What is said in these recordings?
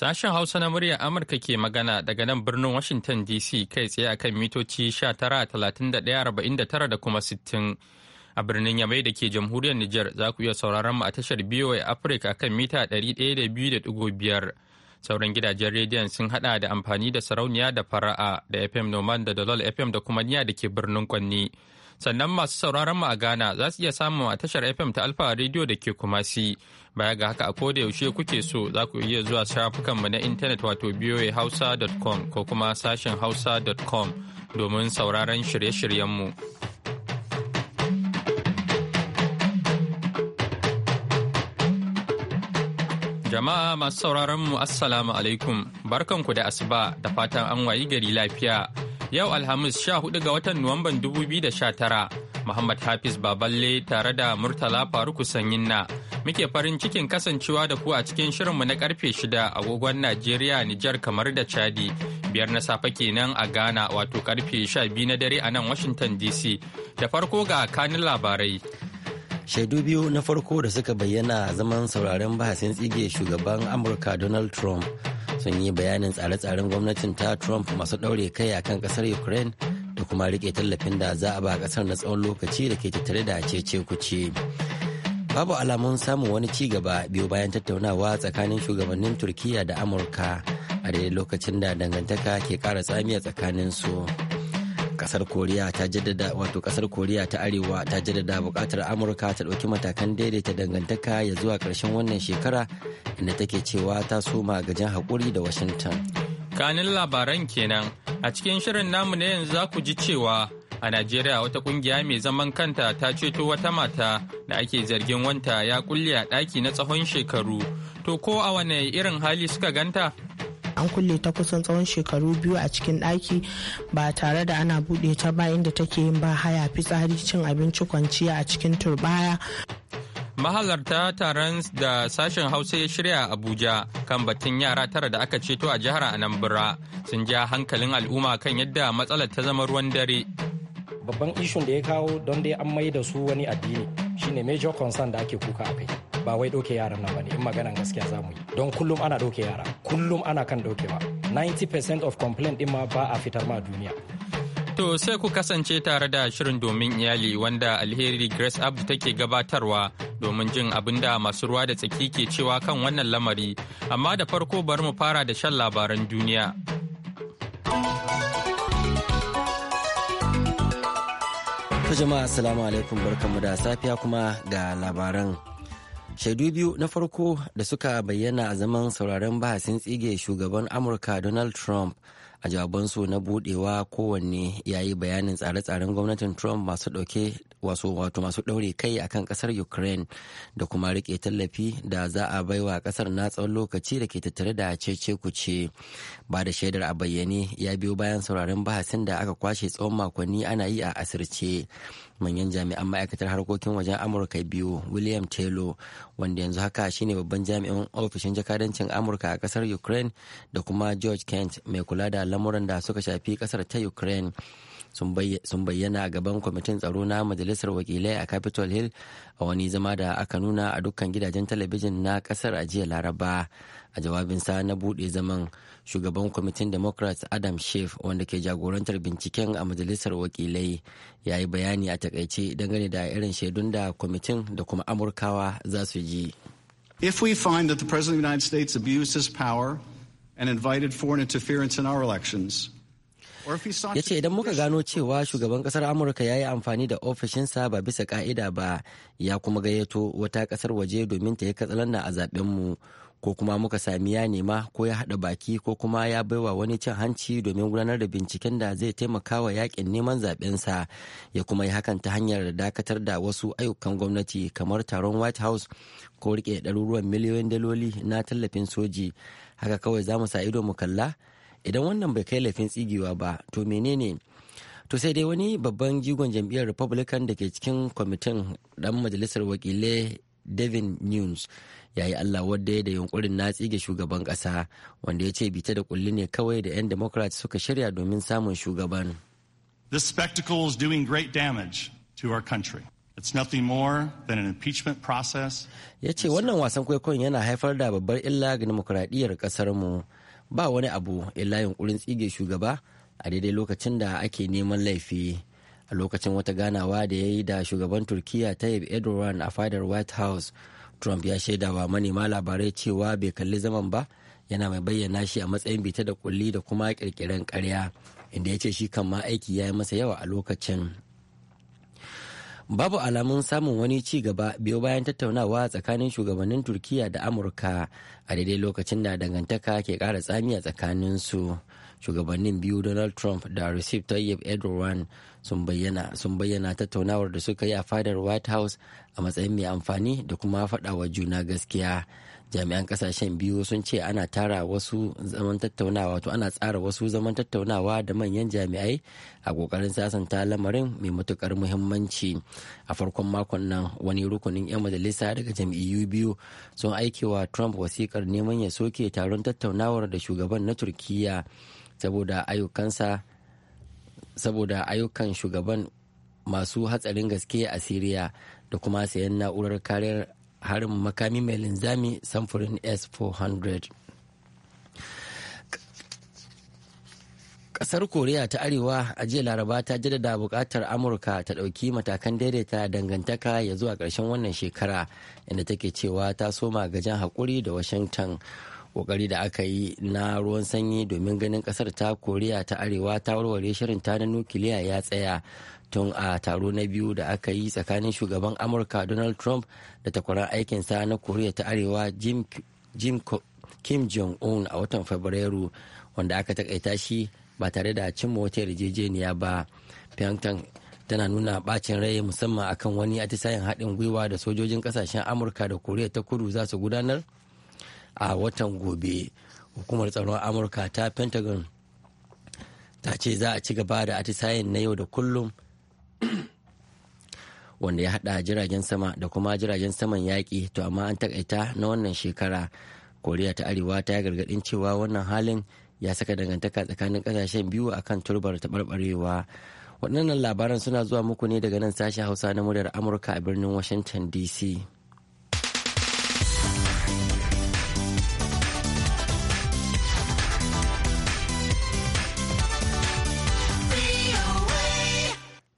Sashen Hausa na muryar Amurka ke magana daga nan birnin Washington DC kai tsaye akan mitoci 19,31,49 da kuma 60. A birnin Yamai da ke jamhuriyar Nijar za ku iya sauraron mu a tashar BOA Africa akan mita 102.5. Sauran gidajen rediyon sun hada da amfani da sarauniya da fara'a da FM Noman da Dalol FM da kuma niya da ke birnin Kwanni. sannan masu sauraron mu a Ghana za su iya samun a tashar FM ta Alfa Radio da ke Kumasi. Baya ga haka a koda yaushe kuke so za ku iya zuwa shafukan mu na intanet wato voahausa.com ko kuma sashen hausa.com domin sauraron shirye shiryen mu Jama'a masu sauraron mu Assalamu alaikum, barkanku da asuba da fatan an wayi gari lafiya. Yau Alhamis 14 ga watan Nuwamban 2019, Muhammad Hafiz Baballe tare da Murtala Faruku Sanyinna muke farin cikin kasancewa da ku a cikin shirinmu na karfe 6 agogon Najeriya, Nijar kamar da Chadi. Biyar na safe kenan a Ghana wato karfe 12 na dare a nan Washington DC. Da farko ga kanin labarai. shaidu biyu na farko da suka bayyana zaman sauraren bahasin tsige shugaban amurka donald trump sun yi bayanin tsare-tsaren gwamnatin ta trump masu ɗaure kai a kan ƙasar ukraine da kuma rike tallafin da za a ba ƙasar na tsawon lokaci da ke tattare da cece kuce babu alamun samun wani ci gaba biyu bayan tattaunawa tsakanin shugabannin Turkiyya da amurka a daidai lokacin da dangantaka ke ƙara tsamiya tsakanin su. kasar koriya ta jaddada wato kasar koriya ta arewa ta jaddada bukatar amurka ta ɗauki matakan daidaita dangantaka ya zuwa ƙarshen wannan shekara inda take cewa ta soma gajen hakuri da washington kanin labaran kenan a cikin shirin namu na yanzu za ku ji cewa a najeriya wata kungiya mai zaman kanta ta ceto wata mata da ake zargin wanta ya kulle a ɗaki na tsawon shekaru to ko a wane irin hali suka ganta an kulle ta kusan tsawon shekaru biyu a cikin ɗaki ba tare da ana buɗe ta ba inda take yin ba haya fitsari cin abinci kwanciya a cikin turbaya mahalarta taron da sashen hausa ya shirya a abuja kan batun yara tara da aka ceto a jihar anambra sun ja hankalin al'umma kan yadda matsalar ta zama ruwan dare babban ishun da ya kawo don dai an mai da su wani addini shine major concern da ake kuka a kai ba wai ɗauke yaran nan ba in maganan gaskiya za mu yi don kullum ana ɗauke yara kullum ana kan ɗaukewa 90% of complaint ɗin ma ba a fitar ma duniya To sai ku kasance tare da shirin domin iyali wanda alheri Grace Abdu take gabatarwa domin jin abin da masu ruwa da tsaki ke cewa kan wannan lamari. Amma da farko bari mu fara da shan labaran duniya. jama'a assalamu alaikum barkanmu da safiya kuma ga labaran shaidu biyu na farko da suka bayyana a zaman sauraron bahasin tsige shugaban amurka donald trump a jawabansu na budewa kowanne ya yi bayanin tsare-tsaren gwamnatin trump masu dauke wasu wato masu ɗaure kai a kan ƙasar ukraine da kuma rike tallafi da za a baiwa ƙasar na tsawon lokaci da ke tattare da cece kuce ba da shaidar a bayyane ya biyo bayan sauraron bahasin da aka kwashe tsawon makonni ana yi a asirce manyan jami'an ma'aikatar harkokin wajen amurka biyu william taylor wanda yanzu haka shine babban jami'in ofishin jakadancin amurka a kasar ukraine da kuma george kent mai kula da lamuran da suka shafi kasar ta ukraine sun bayyana gaban kwamitin tsaro na majalisar wakilai a capitol hill a wani zama da aka nuna a dukkan gidajen talabijin na kasar a jiya laraba a jawabinsa na bude zaman shugaban kwamitin democrats adam Schiff wanda ke jagorantar binciken a majalisar wakilai ya yi bayani a takaice dangane da irin shaidun da kwamitin da kuma amurkawa za su ji If we find that the President of the United States abused his power and invited foreign interference in our elections, ya ce idan muka gano cewa shugaban kasar amurka ya yi amfani da ofishinsa ba bisa ka'ida ba ya kuma gayyato wata kasar waje domin ta yi katsalanda a zaɓenmu ko kuma muka sami ya nema ko ya haɗa baki ko kuma ya baiwa wani cin hanci domin gudanar da binciken da zai taimaka wa yakin neman zaɓensa ya kuma yi hakan ta hanyar dakatar da wasu ayyukan gwamnati kamar taron white house ko rike ɗaruruwan miliyoyin daloli na tallafin soji haka kawai za mu sa ido mu kalla idan wannan bai kai laifin tsigewa ba to menene to sai dai wani babban jigon jam'iyyar republican da ke cikin kwamitin dan majalisar wakilai devin news ya yi allah wadda da yunkurin na tsige shugaban kasa wanda ya ce bita da kulli ne kawai da 'yan democrats suka shirya domin samun shugaban this spectacle is doing great damage to our country It's nothing more than an impeachment process. Ya ce wannan wasan kwaikwayon yana haifar da babbar illa ga demokuraɗiyyar ƙasarmu. mu. ba wani abu illa yunkurin tsige shugaba a daidai lokacin da ake neman laifi a lokacin wata ganawa da ya yi da shugaban turkiya tayyip erdogan a fadar white house trump ya shaidawa manema labarai cewa bai kalli zaman ba yana mai bayyana shi a matsayin bita da kulli da kuma kirkiren karya inda ya ce shi kan ma aiki ya yi masa yawa a lokacin babu alamun samun wani ci gaba biyo bayan tattaunawa tsakanin shugabannin turkiya da amurka a daidai lokacin da dangantaka ke kara tsami a su shugabannin biyu donald trump da recep tayyip erdogan sun bayyana tattaunawar da suka yi a fadar white house a matsayin mai amfani da kuma faɗawa juna gaskiya jami'an kasashen biyu sun ce ana tara wasu zaman tattaunawa to ana tsara wasu zaman tattaunawa da manyan jami'ai a kokarin sasanta lamarin mai matukar muhimmanci a farkon makon nan wani rukunin 'yan majalisa daga jam'iyyu biyu sun aikewa trump wasikar neman ya soke taron tattaunawar da shugaban na turkiya saboda saboda ayyukan shugaban masu hatsarin gaske a siriya da kuma sayan na'urar kariyar harin makami mai linzami samfurin s-400 kasar koriya ta arewa a jiya laraba ta jaddada bukatar amurka ta ɗauki matakan daidaita dangantaka ya zuwa ƙarshen wannan shekara inda take cewa ta soma gajen haƙuri da washington kokari da aka yi na ruwan sanyi domin ganin kasar ta koriya ta arewa ta warware shirin ta na nukiliya ya tsaya tun a taro na biyu da aka yi tsakanin shugaban amurka donald trump da takwarar aikinsa na koriya ta arewa jim kim jong-un a watan fabrairu wanda aka takaita shi ba tare da cimma wata yarjejeniya ba pyongyang tana nuna bacin rai musamman akan wani atisayen haɗin gwiwa da sojojin ƙasashen amurka da koriya ta kudu za su gudanar a watan gobe hukumar tsaron amurka ta pentagon ta ce za a ci gaba da atisayen na yau da kullum wanda ya hada jiragen sama da kuma jiragen saman yaƙi to amma an takaita na wannan shekara koriya ta arewa ta yi gargaɗin cewa wannan halin ya saka dangantaka tsakanin kasashen biyu akan turbar taɓarɓarewa waɗannan labaran suna zuwa muku ne daga nan sashen hausa na muryar amurka a birnin washington dc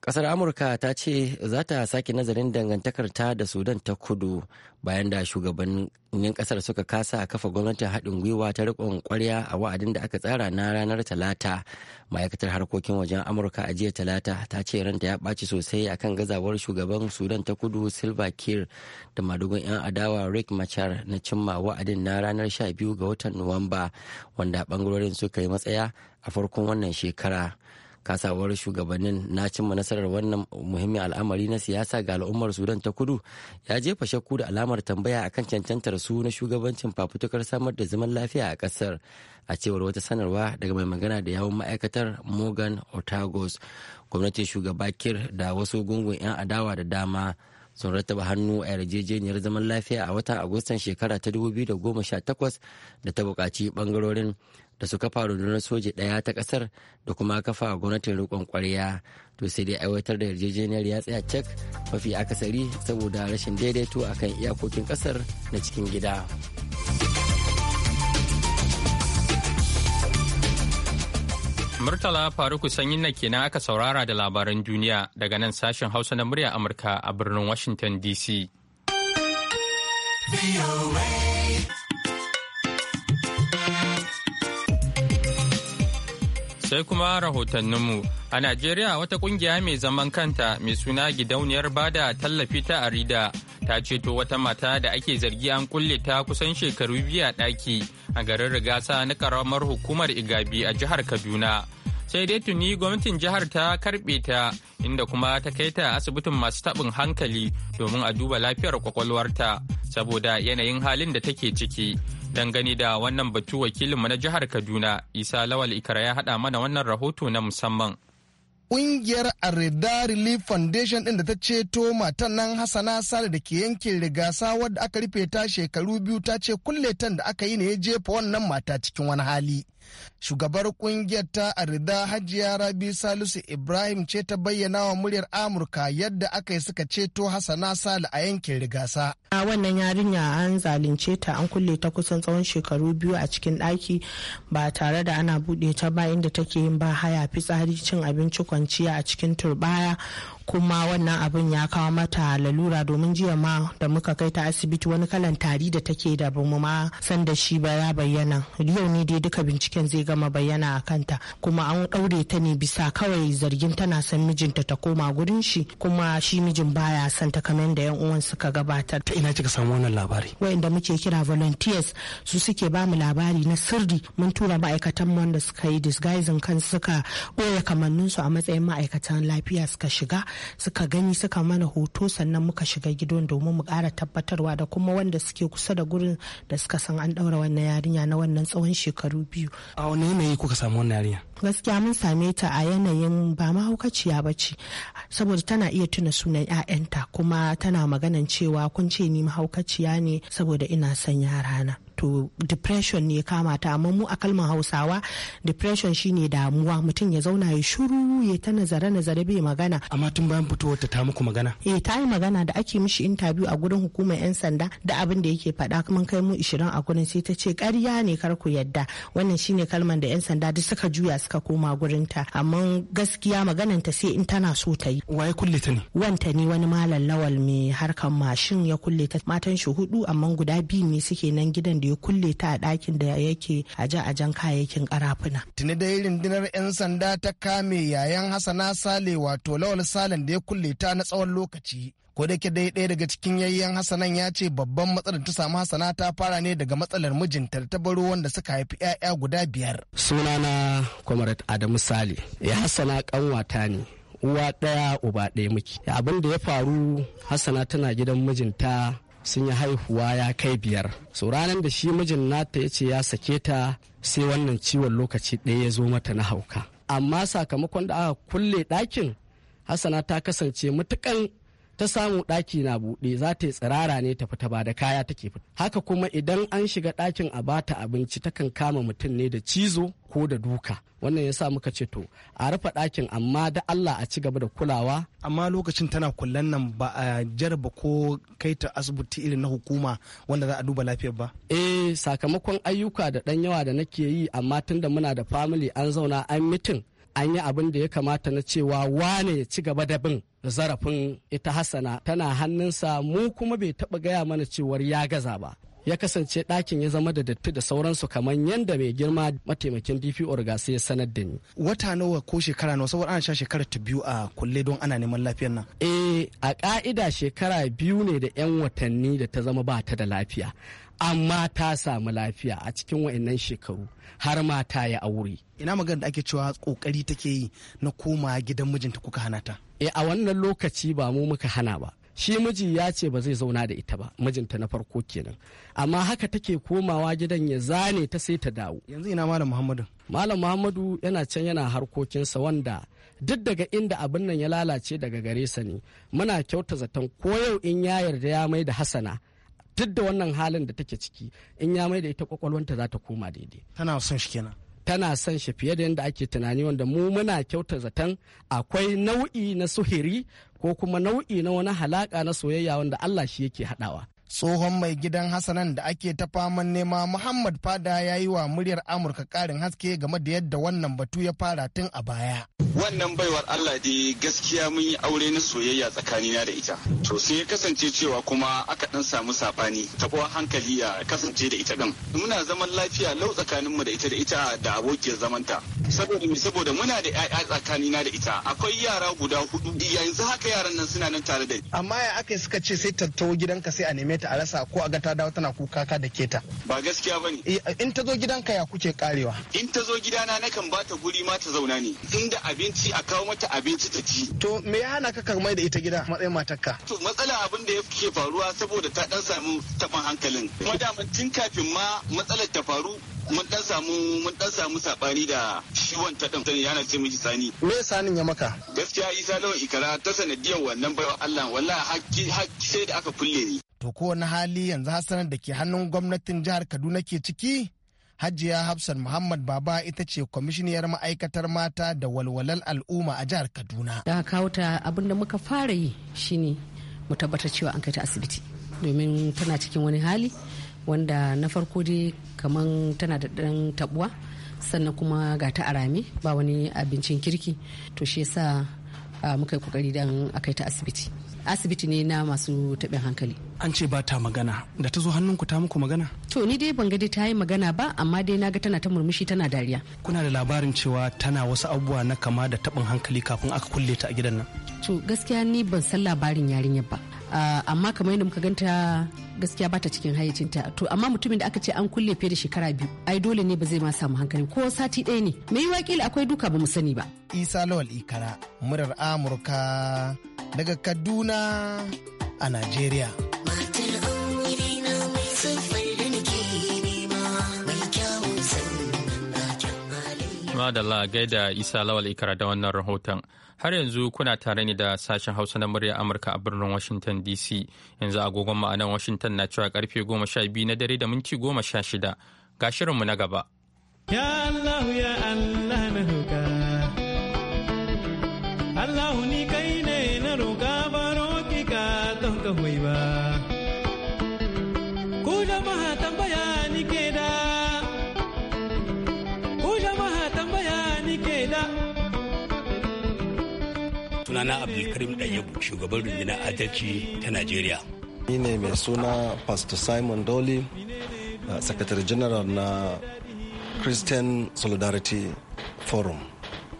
Kasar Amurka ta ce za ta sake nazarin dangantakarta da Sudan ta kudu bayan da shugabannin kasar suka kasa kafa gwamnatin haɗin gwiwa ta riƙon ƙwarya a wa'adin da aka tsara na ranar Talata. Ma'aikatar harkokin wajen Amurka a jiya Talata ta ce ranta ya ɓaci sosai a kan gazawar shugaban Sudan ta kudu Silva Kiir da madugun 'yan adawa Rick Machar na cimma wa'adin na ranar 12 ga watan Nuwamba wanda ɓangarorin suka yi matsaya a farkon wannan shekara. kasawar shugabannin na cimma nasarar wannan muhimmin al'amari na siyasa ga al'ummar sudan ta kudu ya jefa shakku da alamar tambaya akan cancantar su na shugabancin fafutukar samar da zaman lafiya a kasar a cewar wata sanarwa daga mai magana da yawun ma'aikatar morgan otagos gwamnatin shugaba kir da wasu gungun 'yan adawa da dama sun rattaba hannu a yarjejeniyar zaman lafiya a watan agustan shekara ta 2018 da ta buƙaci bangarorin da suka faru rundunar soji daya ta kasar da kuma kafa gwamnatin riƙon ƙwarya to sai dai aiwatar da yarjejeniyar ya tsaya cek mafi akasari saboda rashin daidaito akan iyakokin kasar na cikin gida. Murtala Faruku Sanyin na kenan aka saurara da labaran duniya daga nan sashen Hausa na murya Amurka a birnin Washington DC. Sai kuma rahotanninmu a Najeriya wata kungiya mai zaman kanta mai suna gidauniyar bada tallafi ta Arida ta ceto wata mata da ake zargi an kulle ta kusan shekaru biya daki a garin Rigasa na karamar hukumar Igabi a jihar Kaduna. Sai dai tuni gwamnatin jihar ta karbe ta inda kuma ta kai ta asibitin masu tabin hankali domin a duba lafiyar kwakwalwarta saboda yanayin halin da take ciki. Dangane da wannan batu wakilinmu na jihar Kaduna, Isa Lawal Ikara ya haɗa mana wannan rahoto na musamman. kungiyar Arida Relief Foundation ɗin da ta ceto matan nan Hassana Sale da ke yankin rigasa wadda aka rufe ta shekaru biyu ta ce kulle tan da aka yi ne ya jefa wannan mata cikin wani hali. Shugabar kungiyar ta Arida Hajiya Rabi Salisu Ibrahim ce ta bayyana wa muryar Amurka yadda aka yi suka ceto Hassana Sale a yankin Rigasa. A wannan yarinya an zalunce ta an kulle ta kusan tsawon shekaru biyu a cikin ɗaki ba tare da ana buɗe ta ba inda take yin ba haya fitsari cin abinci kwanciya a cikin turbaya kuma wannan abin ya kawo mata lalura domin jiya ma da muka kai ta asibiti wani kalan tari da take da bamu ma san da shi ba ya bayyana yau ne dai duka binciken zai gama bayyana a kanta kuma an ɗaure ta ne bisa kawai zargin tana son mijinta ta koma gurin shi kuma shi mijin baya son ta kamar da yan uwan suka gabatar ta ina kika samu wannan labari wayanda muke kira volunteers su suke ba mu labari na sirri mun tura ma'aikatan mu wanda suka yi disguising kan suka ɓoye kamanninsu a matsayin ma'aikatan lafiya suka shiga suka gani suka mana hoto sannan muka shiga gidon domin mu kara tabbatarwa da kuma wanda suke kusa da gurin da suka san an ɗaura wannan yarinya na wannan tsawon shekaru biyu. A wani yanayi kuka samu wannan yarinya? Gaskiya mun same ta a yanayin ba mahaukaciya ba ce saboda tana iya tuna sunan 'ya'yanta kuma tana maganan cewa kun ce ni mahaukaciya ne saboda ina son yarana. wato depression ne kama ta amma mu a kalmar hausawa depression shine damuwa mutum ya zauna ya shuru ya ta nazare nazare bai magana amma tun bayan fitowar ta muku magana eh ta yi magana da ake mishi interview a gurin hukumar yan sanda da abin da yake faɗa kuma kai mu 20 a gurin sai ta ce ƙarya ne kar ku yadda wannan shine kalmar da yan sanda duk suka juya suka koma gurin ta amma gaskiya maganan ta sai in tana so ta yi waye kulle ta ne wanta ne wani malam lawal mai harkan mashin ya kulle ta matan shi hudu amma guda biyu ne suke nan gidan da ya kulle ta a ɗakin da yake aje a jan kayayyakin karafuna. Tuni dai rundunar 'yan sanda ta kame yayan Hassana Sale wato Lawal Salen da ya kulle ta na tsawon lokaci. ko da dai ɗaya daga cikin yayyen hasanan ya ce babban matsalar ta samu hassana ta fara ne daga matsalar mijinta ta baro wanda suka haifi 'ya'ya guda biyar sunana comrade adamu sale ya hasana kanwata ne uwa ɗaya uba ɗaya muke abin da ya faru hassana tana gidan mijinta sun yi haihuwa ya kai biyar so ranar da shi mijin nata ya ce ya sake ta sai wannan ciwon lokaci ɗaya ya zo mata na hauka amma sakamakon da aka kulle ɗakin hassana ta kasance matukan ta samu ɗaki na buɗe za ta yi tsirara ne ta fita ba da kaya take fita haka kuma idan an shiga ɗakin a bata abinci takan kama mutum ne da cizo ko da duka wannan yasa muka ce to a rufe ɗakin amma da Allah a ci gaba da kulawa amma lokacin tana kullan nan ba a jarba ko kai ta asibiti irin na hukuma wanda za a duba lafiyar ba eh sakamakon ayyuka da ɗan yawa da nake yi amma tunda muna da family an zauna an mitin an yi abin da ya kamata na cewa wane ya ci gaba da bin zarafin ita hassana tana hannunsa mu kuma bai taba gaya mana cewar ya gaza ba ya kasance ɗakin ya zama da datti da sauransu kamar yadda mai girma mataimakin dp sai ya sanar da ni wata nawa ko shekara nawa saboda ana sha shekara ta biyu a kulle don ana neman lafiyar nan eh a ka'ida shekara biyu ne da yan watanni da ta zama ba ta da lafiya amma ta samu lafiya a cikin wa'annan shekaru har ma ta yi aure. Ina magana da ake cewa kokari take yi na koma gidan mijinta kuka hana ta. E a wannan lokaci ba mu muka hana ba. Shi miji ya ce ba zai zauna da ita ba mijinta na farko kenan. Amma haka take komawa gidan ya zane ta sai ta dawo. Yanzu ina Malam Muhammadu. Malam Muhammadu yana can yana harkokinsa wanda duk daga inda abin nan ya lalace daga gare sa ne muna kyauta zaton ko yau in ya yarda ya mai da Hassana. duk da wannan halin da take ciki in ya mai da ita kwakwalwanta za ta koma daidai tana son shi kenan tana son shi fiye da yadda ake tunani wanda mu muna kyauta zaton akwai nau'i na suhiri ko kuma nau'i na wani halaka na soyayya wanda Allah shi yake haɗawa tsohon mai gidan hasanan da ake ta faman nema muhammad fada ya yi wa muryar amurka karin haske game da yadda wannan batu ya fara tun a baya wannan baiwar allah dai gaskiya mun yi aure na soyayya tsakanina da ita to sun ya kasance cewa kuma aka dan samu sabani tabuwar hankali ya kasance da ita din muna zaman lafiya lau tsakaninmu da ita da ita da abokiyar zamanta saboda me saboda muna da ƴaƴa na da ita akwai yara guda hudu yanzu haka yaran nan suna nan tare da ni amma ya aka suka ce sai ta gidanka sai a neme ta a rasa ko a ga ta dawo tana kuka ka da ta. ba gaskiya bane eh, in ta zo gidanka ya kuke karewa in ta zo gidana nakan ba ta guri ma ta zauna ne inda abinci a kawo mata abinci ta ci to me ya hana ka mai da ita gida matsayin matarka to matsala abin da yake faruwa saboda ta dan samu taban hankalin kuma da tun kafin ma matsalar ta faru mun dan samu mun dan samu sabani da shi wanta din yana ce miji sani me sanin ya maka gaskiya isa lawan ikara ta sanadiyar wannan bayan Allah wallahi hakki hakki sai da aka kulle ni to ko wani hali yanzu hasanar da ke hannun gwamnatin jihar Kaduna ke ciki Hajiya Hafsan Muhammad Baba ita ce kwamishiniyar ma'aikatar mata da walwalar al'umma a jihar Kaduna. Da kawo ta abin da muka fara yi shine mu tabbatar cewa an kai ta asibiti domin tana cikin wani hali wanda na farko dai kaman tana da ɗan tabuwa sannan kuma ga ta rami ba wani abincin kirki to shi yasa muka yi kokari dan akai ta asibiti asibiti ne na masu taɓin hankali an ce ba ta magana da ta zo hannunku ta muku magana to ni dai ban ga dai ta yi magana ba amma dai na ga tana ta murmushi tana dariya kuna da labarin cewa tana wasu abubuwa na kama da taɓin hankali kafin aka kulle ta a gidan nan to gaskiya ni ban san labarin yarinyar ba Ah, amma kamar yadda muka ganta gaskiya bata cikin hayyacinta to amma mutumin da aka ce an kulle fiye da shekara biyu ai dole ne ba zai ma samu hankali ko sati ɗaya ne me yi wakil akwai duka ba mu sani ba isa lawal ikara murar amurka daga kaduna a nigeria Madalla gaida Isa Lawal Ikara da wannan rahoton. Har yanzu kuna tare ne da sashen Hausa na murya Amurka a birnin Washington DC. Yanzu agogon ma'anan Washington na cewa karfe goma na dare da minti goma Ga shirinmu na gaba. Allah ya Allah na Allah ni shugaban rundunar adalci ta Najeriya. Ni ne mai suna Pastor Simon Dolly, uh, Secretary General na Christian Solidarity Forum.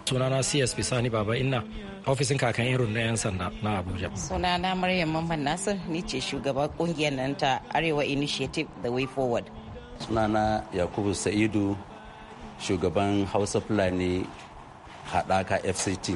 Sunana CSP Sani Baba Inna, ofishin kakan irin na 'yan sanda na Abuja. Sunana Maryam Mamman Nasir, ni ce shugaban kungiyar nan ta Arewa Initiative The Way Forward. Sunana Yakubu Sa'idu, shugaban Hausa Fulani haɗaka FCT.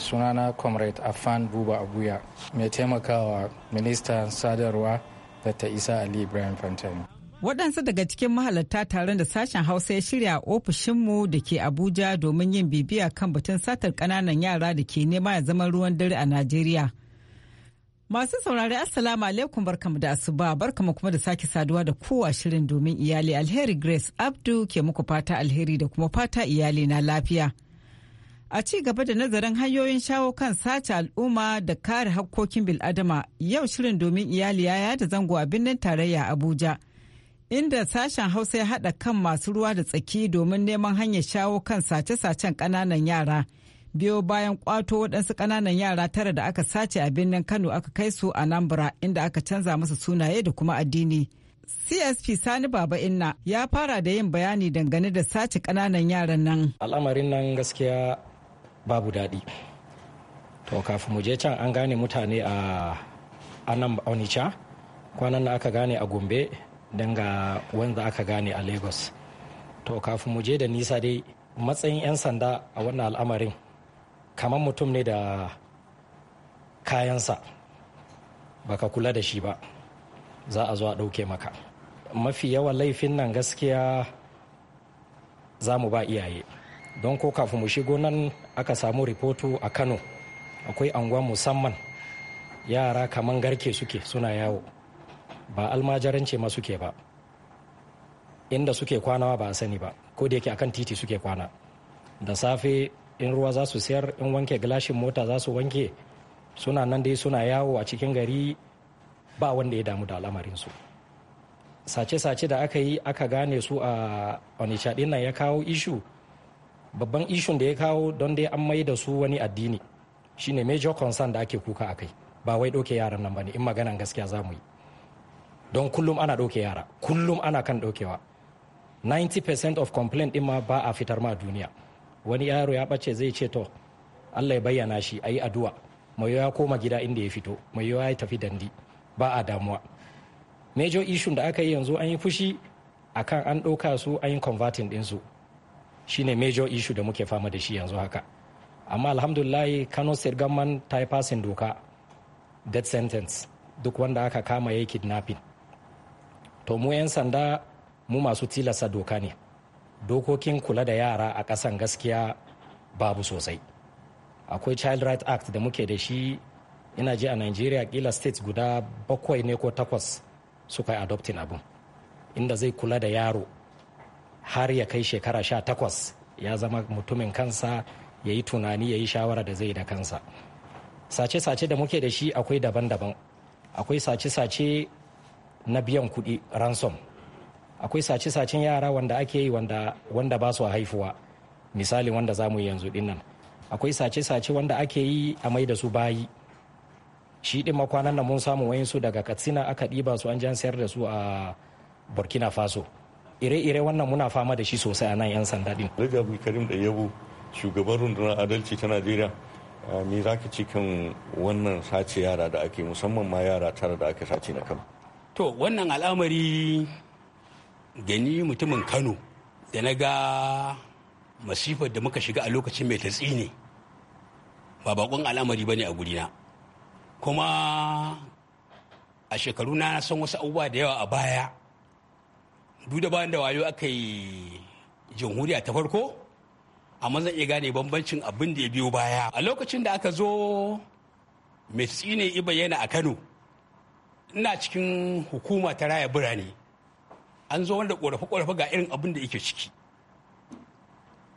sunana comrade afan buba abuya mai taimakawa minista sadarwa da ta isa ali ibrahim fantani waɗansu daga cikin mahalarta taron da sashen hausa ya shirya ofishinmu da ke abuja domin yin bibiya kan batun satar ƙananan yara da ke nema ya zama ruwan dare a najeriya Masu saurari Assalamu alaikum barkamu da asuba barkamu kuma da sake saduwa da kowa shirin domin iyali alheri Grace Abdu ke muku fata alheri da kuma fata iyali na lafiya. A ci gaba da nazarin hanyoyin shawo kan sace al'umma da kare hakkokin bil'adama yau shirin domin iyali ya yada zango a birnin tarayya Abuja. Inda sashen Hausa ya haɗa kan masu ruwa da tsaki domin neman hanyar shawo kan sace-sacen ƙananan yara. Biyo bayan kwato waɗansu ƙananan yara tara da aka sace a birnin Kano aka kai su a nambara inda aka canza musu sunaye da kuma addini. CSP Sani Baba Inna ya fara da yin bayani dangane da sace ƙananan yaran nan. Al'amarin nan gaskiya babu daɗi to kafin mu je can an gane mutane a anan onitsha kwanan da aka gane a gombe don ga wanda aka gane a lagos to kafin mu je da nisa dai matsayin 'yan sanda a wannan al'amarin kamar mutum ne da kayansa baka kula da shi ba za a zo a ɗauke maka mafi yawan laifin nan gaskiya za mu ba iyaye don ko kafin mu shigo nan aka samu ripoto a kano akwai anguwa musamman yara kamar garke suke suna yawo ba almajarance ma suke ba inda suke kwanawa ba a sani ba ko da yake akan titi suke kwana da safe in ruwa za su sayar in wanke gilashin mota za su wanke suna nan dai suna yawo a cikin gari ba wanda ya damu da al'amarinsu sace-sace da aka yi aka gane su a onitsha nan ya kawo ishu babban ishun da ya kawo don dai an mai da su wani addini shine major concern da ake kuka a kai ba wai ɗauke yaran nan ba ne in maganan gaskiya za mu yi don kullum ana ɗauke yara kullum ana kan ɗaukewa 90% of complaint din ma ba a fitar ma duniya wani yaro ya ɓace zai ce to allah ya bayyana shi a yi addu'a mai ya koma gida inda ya fito mai ya tafi dandi ba a damuwa major issue da aka yi yanzu an yi fushi akan an ɗauka su an yi converting ɗinsu shine major issue da muke fama da shi yanzu haka amma alhamdulillah kano state government ta yi fasin doka death sentence duk wanda aka kama ya yi kidnapping to mu 'yan sanda mu masu tilasta doka ne dokokin kula da yara a ƙasan gaskiya babu sosai akwai child right act da muke da shi ina ji a nigeria kila states guda bakwai ne ko takwas suka yi adoptin abin inda zai kula da yaro har ya kai shekara sha takwas ya zama mutumin kansa ya yi tunani ya yi shawara da zai da kansa sace-sace da muke da shi akwai daban-daban akwai sace-sace na biyan kuɗi ransom akwai sace-sacen yara wanda ake yi wanda, ba su haifuwa misali wanda za mu yi yanzu dinnan akwai sace-sace wanda ake yi a mai da su bayi shi ɗin makwanan da mun samu wayansu daga katsina aka ɗiba su an jan sayar da su a burkina faso ire-ire wannan muna fama da shi sosai a nan 'yan sanda din. abu Karim da Yabo shugaban rundunar adalci ta Najeriya me za ka ci kan wannan sace yara da ake musamman ma yara tara da aka sace na kano. To wannan al'amari gani mutumin Kano da na ga masifar da muka shiga a lokacin mai tatsi ne ba bakon al'amari ba ne a gurina kuma a shekaru na san wasu abubuwa da yawa a baya duk da bayan da wayo aka yi jamhuriya ta farko amma zan iya gane bambancin abin da ya biyo baya a lokacin da aka zo mai tsine iba yana a kano ina cikin hukuma ta raya birane an zo wanda ƙorafe-ƙorafe ga irin abin da yake ciki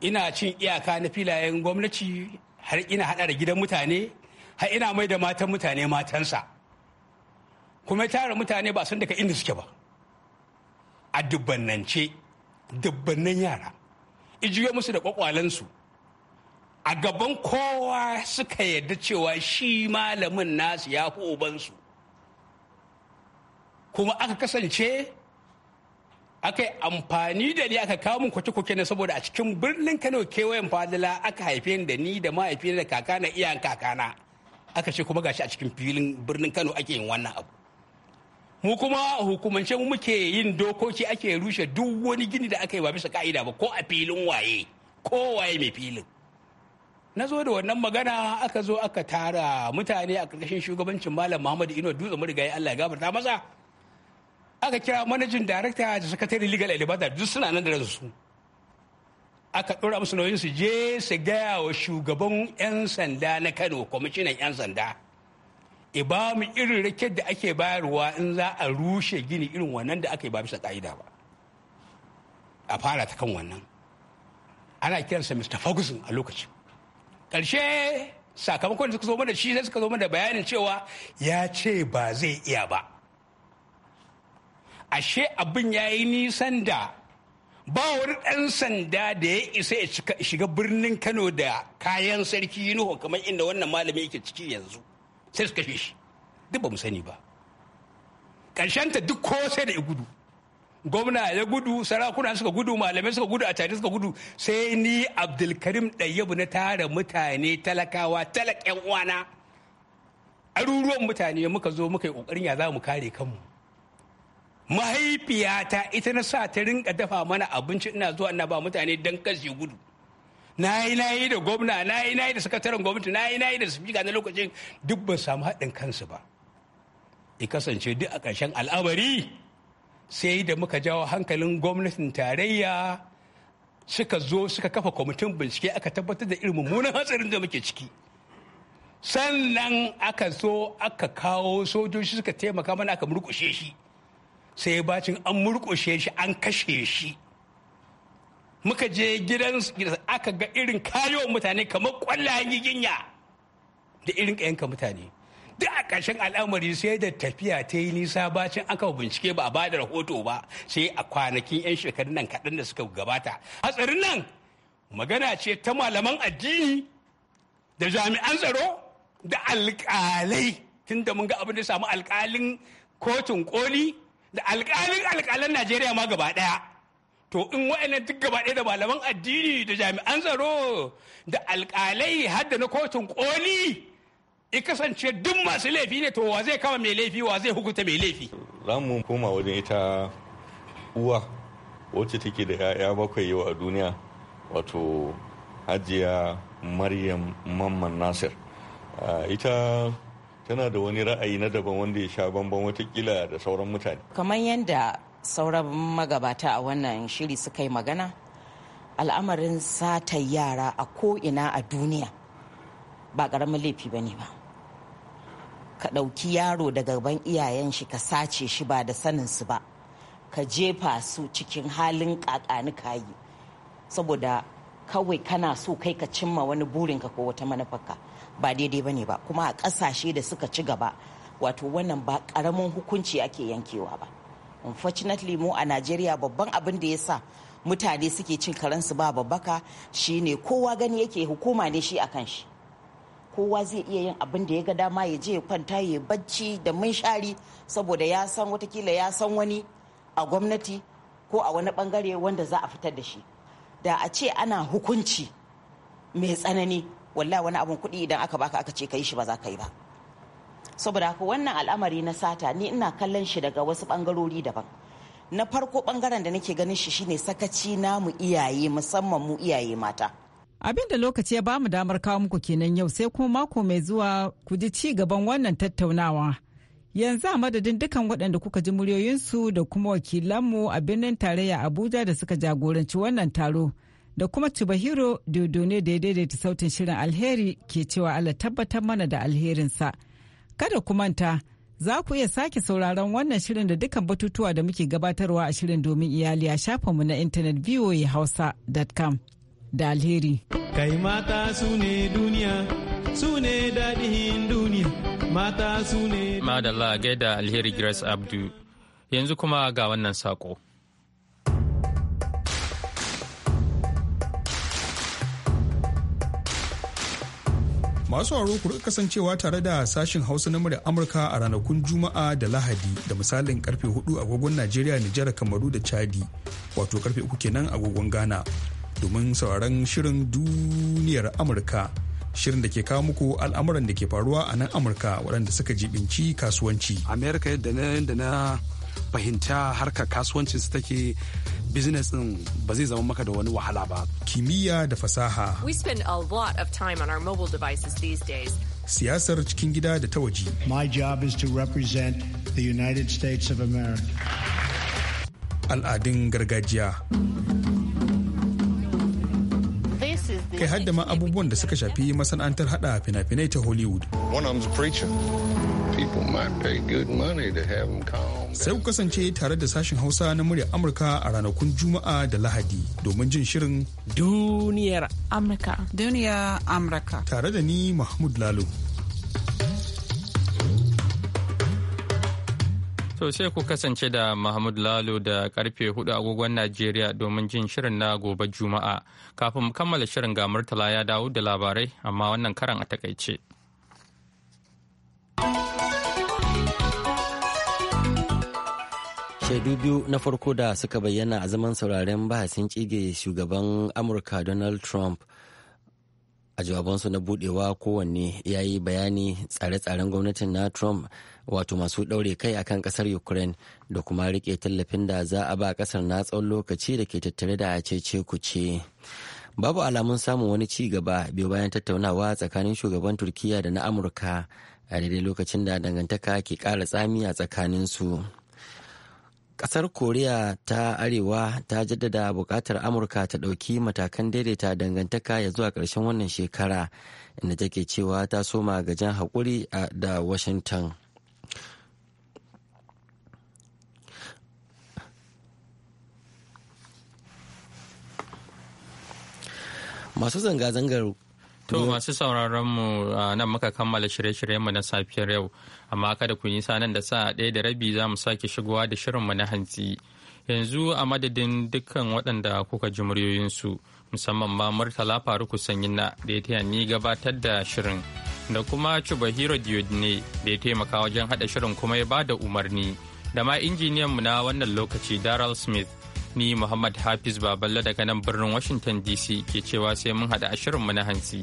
ina cin iyaka na filayen gwamnati har ina hada da gidan mutane har ina mai da matan mutane matansa kuma tara mutane ba san daga inda suke ba a dubbannance dubbannan yara ijiyo musu da kwakwalensu a gaban kowa suka yarda cewa shi malamin nasu ya fi ubansu kuma aka kasance aka yi amfani da ni aka kawo kwake-kwake na saboda a cikin birnin kano kewayen fadila aka haife ni da ni da mahaifina da kakana iyayen kakana aka ce kuma gashi a cikin filin birnin kano ake yin wannan abu mu kuma hukumance muke yin dokoki ake rushe duk wani gini da aka yi ba bisa ka'ida ba ko a filin waye ko waye mai filin na zo da wannan magana aka zo aka tara mutane a ƙarƙashin shugabancin malam muhammad ino dutse marigayi allah ya gafarta masa aka kira manajin darakta da sakatare legal advisor duk suna nan da su aka ɗora musu nauyin su je su gaya wa shugaban 'yan sanda na kano kwamishinan 'yan sanda ba mu irin rake da ake bayarwa in za a rushe gini irin wannan da aka yi ba bisa ka'ida ba a fara ta kan wannan ana kiransa mr ferguson a lokacin ƙarshe sakamakon suka zo mana shi sai suka zo mana bayanin cewa ya ce ba zai iya ba ashe abin ya yi nisan da ba wani ɗan sanda da ya isa ya shiga birnin kano da kayan sarki nuhu kamar inda wannan malami yake ciki yanzu sai su kashe shi duk ba mu sani ba ta duk ko sai da ya gudu gwamna ya gudu sarakuna suka gudu malamai suka gudu a tare suka gudu sai ni abdulkarim ɗayyabu na tara mutane talakawa talak yan uwana aruruwan mutane muka zo muka yi ƙoƙarin ya za mu kare kanmu mahaifiyata ita na sa ta rinka dafa mana abinci ina zuwa ina ba mutane dan kashe gudu na yi na yi da gwamna na yi na yi da sakataren gwamnati na yi na yi da sufika na lokacin duk ban samu haɗin kansu ba i kasance duk a ƙarshen al'amari sai da muka jawo hankalin gwamnatin tarayya suka zo suka kafa kwamitin bincike aka tabbatar da irin mummunan hatsarin da muke ciki sannan aka so aka kawo sojoji suka taimaka mana aka murkushe shi sai bacin an murkushe shi an kashe shi muka je gidan aka ga irin kayo mutane kamar kwallayen giginya da irin kayanka mutane duk a ƙarshen al'amari sai da tafiya ta yi nisa bacin aka bincike ba a ba da rahoto ba sai a kwanakin 'yan shekarun nan kaɗan da suka gabata hatsarin nan magana ce ta malaman addini da jami'an tsaro da alƙalai tunda mun ga abin da samu alƙalin kotun koli da alƙalin alƙalan najeriya ma gaba ɗaya to in wa'annan duk gaba ɗaya da malaman addini da jami'an tsaro da alƙalai har da na kotun koli i kasance duk masu laifi ne to wa zai kama mai laifi wa zai hukunta mai laifi za mu koma wajen ita uwa wacce take da 'ya'ya bakwai yau a duniya wato hajiya maryam mamman nasir ita tana da wani ra'ayi na daban wanda ya sha bamban watakila da sauran mutane kamar yadda sauran magabata a wannan shiri suka yi magana al'amarin sata yara a ko'ina a duniya ba ƙaramin laifi ba ne ba ka ɗauki yaro daga gaban iyayen shi ka sace shi ba da sanin su ba ka jefa su cikin halin ƙaƙani kayi saboda kawai kana so kai ka cimma wani burinka ko wata manufarka ba daidai ba ne ba kuma a ƙasashe da suka ci gaba wato wannan ba ƙaramin hukunci ake yankewa ba unfortunately mu a najeriya babban abin da ya sa mutane suke cin karansu ba babbaka shine kowa gani yake hukuma ne shi a kan shi kowa zai iya yin abin da ya ga dama ya je ya kwanta ya bacci da munshari saboda ya san watakila ya san wani a gwamnati ko a wani bangare wanda za a fitar da shi da a ce ana hukunci mai tsanani wallahi wani abun kuɗi idan aka baka aka ce ka yi shi ba za ka yi ba saboda haka wannan al'amari na sata ni ina kallon shi daga wasu bangarori daban na farko bangaren da nake ganin shi shine sakaci na mu iyaye musamman mu iyaye mata abin da lokaci ya bamu damar kawo muku kenan yau sai kuma mako mai zuwa ku ji ci gaban wannan tattaunawa yanzu a madadin dukan waɗanda kuka ji muryoyinsu da kuma wakilanmu a birnin tarayya abuja da suka jagoranci wannan taro da kuma Chubahiro Dodone da ya sautin shirin alheri ke cewa Allah tabbatar mana da alherinsa. Kada ku manta, za ku iya sake sauraron wannan shirin da dukkan batutuwa da muke gabatarwa a shirin domin iyali a shafinmu na intanet voahausa.com da alheri. Kai mata su ne duniya, su ne daɗin duniya, mata su ne... Madalla gaida alheri Grace Abdu, yanzu kuma ga wannan sako. Masu haro ku kasancewa tare da sashin Hausa na murya Amurka a ranakun Juma'a da Lahadi da misalin karfe 4 agogon Najeriya, Nijar, Kamaru da Chadi, wato karfe 3 kenan agogon Ghana. Domin sauraron shirin duniyar Amurka, shirin da ke kawo muku al'amuran da ke faruwa a nan Amurka waɗanda suka jibinci kasuwanci. Amerika yadda na fahimta harka kasuwancin su take business din ba zai zama maka da wani wahala ba. Kimiyya da fasaha. We spend a lot of time on our mobile devices these days. Siyasar cikin gida da ta waje. My job is to represent the United States of America. Al'adun gargajiya. Kai haddama abubuwan da suka shafi masana'antar hada fina-finai ta Hollywood. One preacher. Sai ku kasance tare da sashen Hausa na murya Amurka a ranakun Juma'a da Lahadi domin jin shirin Duniyar Amurka. Duniyar Amurka. Tare da ni Mahmud Lalo. To sai ku kasance da Mahmud Lalo da karfe 4 agogon Najeriya domin jin shirin na gobe Juma'a. Kafin kammala shirin ga Murtala ya dawo da labarai amma wannan karan a takaice. shaidu biyu na farko da suka bayyana a zaman sauraren bahasin tsige shugaban amurka donald trump a jawabansu na budewa kowanne ya yi bayani tsare-tsaren gwamnatin na trump wato masu daure kai akan kasar ukraine da kuma rike tallafin da za a ba ƙasar na tsawon lokaci da ke tattare da cece kuce babu alamun samun wani ci gaba biyu bayan tattaunawa tsakanin shugaban turkiya da na amurka a daidai lokacin da dangantaka ke kara tsami a tsakaninsu. su Ƙasar Koriya ta Arewa ta jaddada buƙatar Amurka ta ɗauki matakan daidaita dangantaka ya zuwa ƙarshen wannan shekara inda take cewa ta soma gajen haƙuri da Washington. Masu zanga-zangar To masu sauraron mu nan muka kammala shirye shiryen mu na safiyar yau, amma kada ku yi sanan da sa ɗaya da rabi za mu sake shigowa da shirinmu na hantsi. Yanzu a madadin dukkan waɗanda kuka ji muryoyinsu, musamman ma Murtala Faruku Sanyina da ya taya ni gabatar da shirin, da kuma hiro Diodine da ya taimaka wajen haɗa shirin kuma ya ba da umarni, da ma injiniyan mu na wannan lokaci Daryl Smith. ni Muhammad Hafiz Baballe daga nan birnin Washington DC ke cewa sai mun haɗa mu na hansi.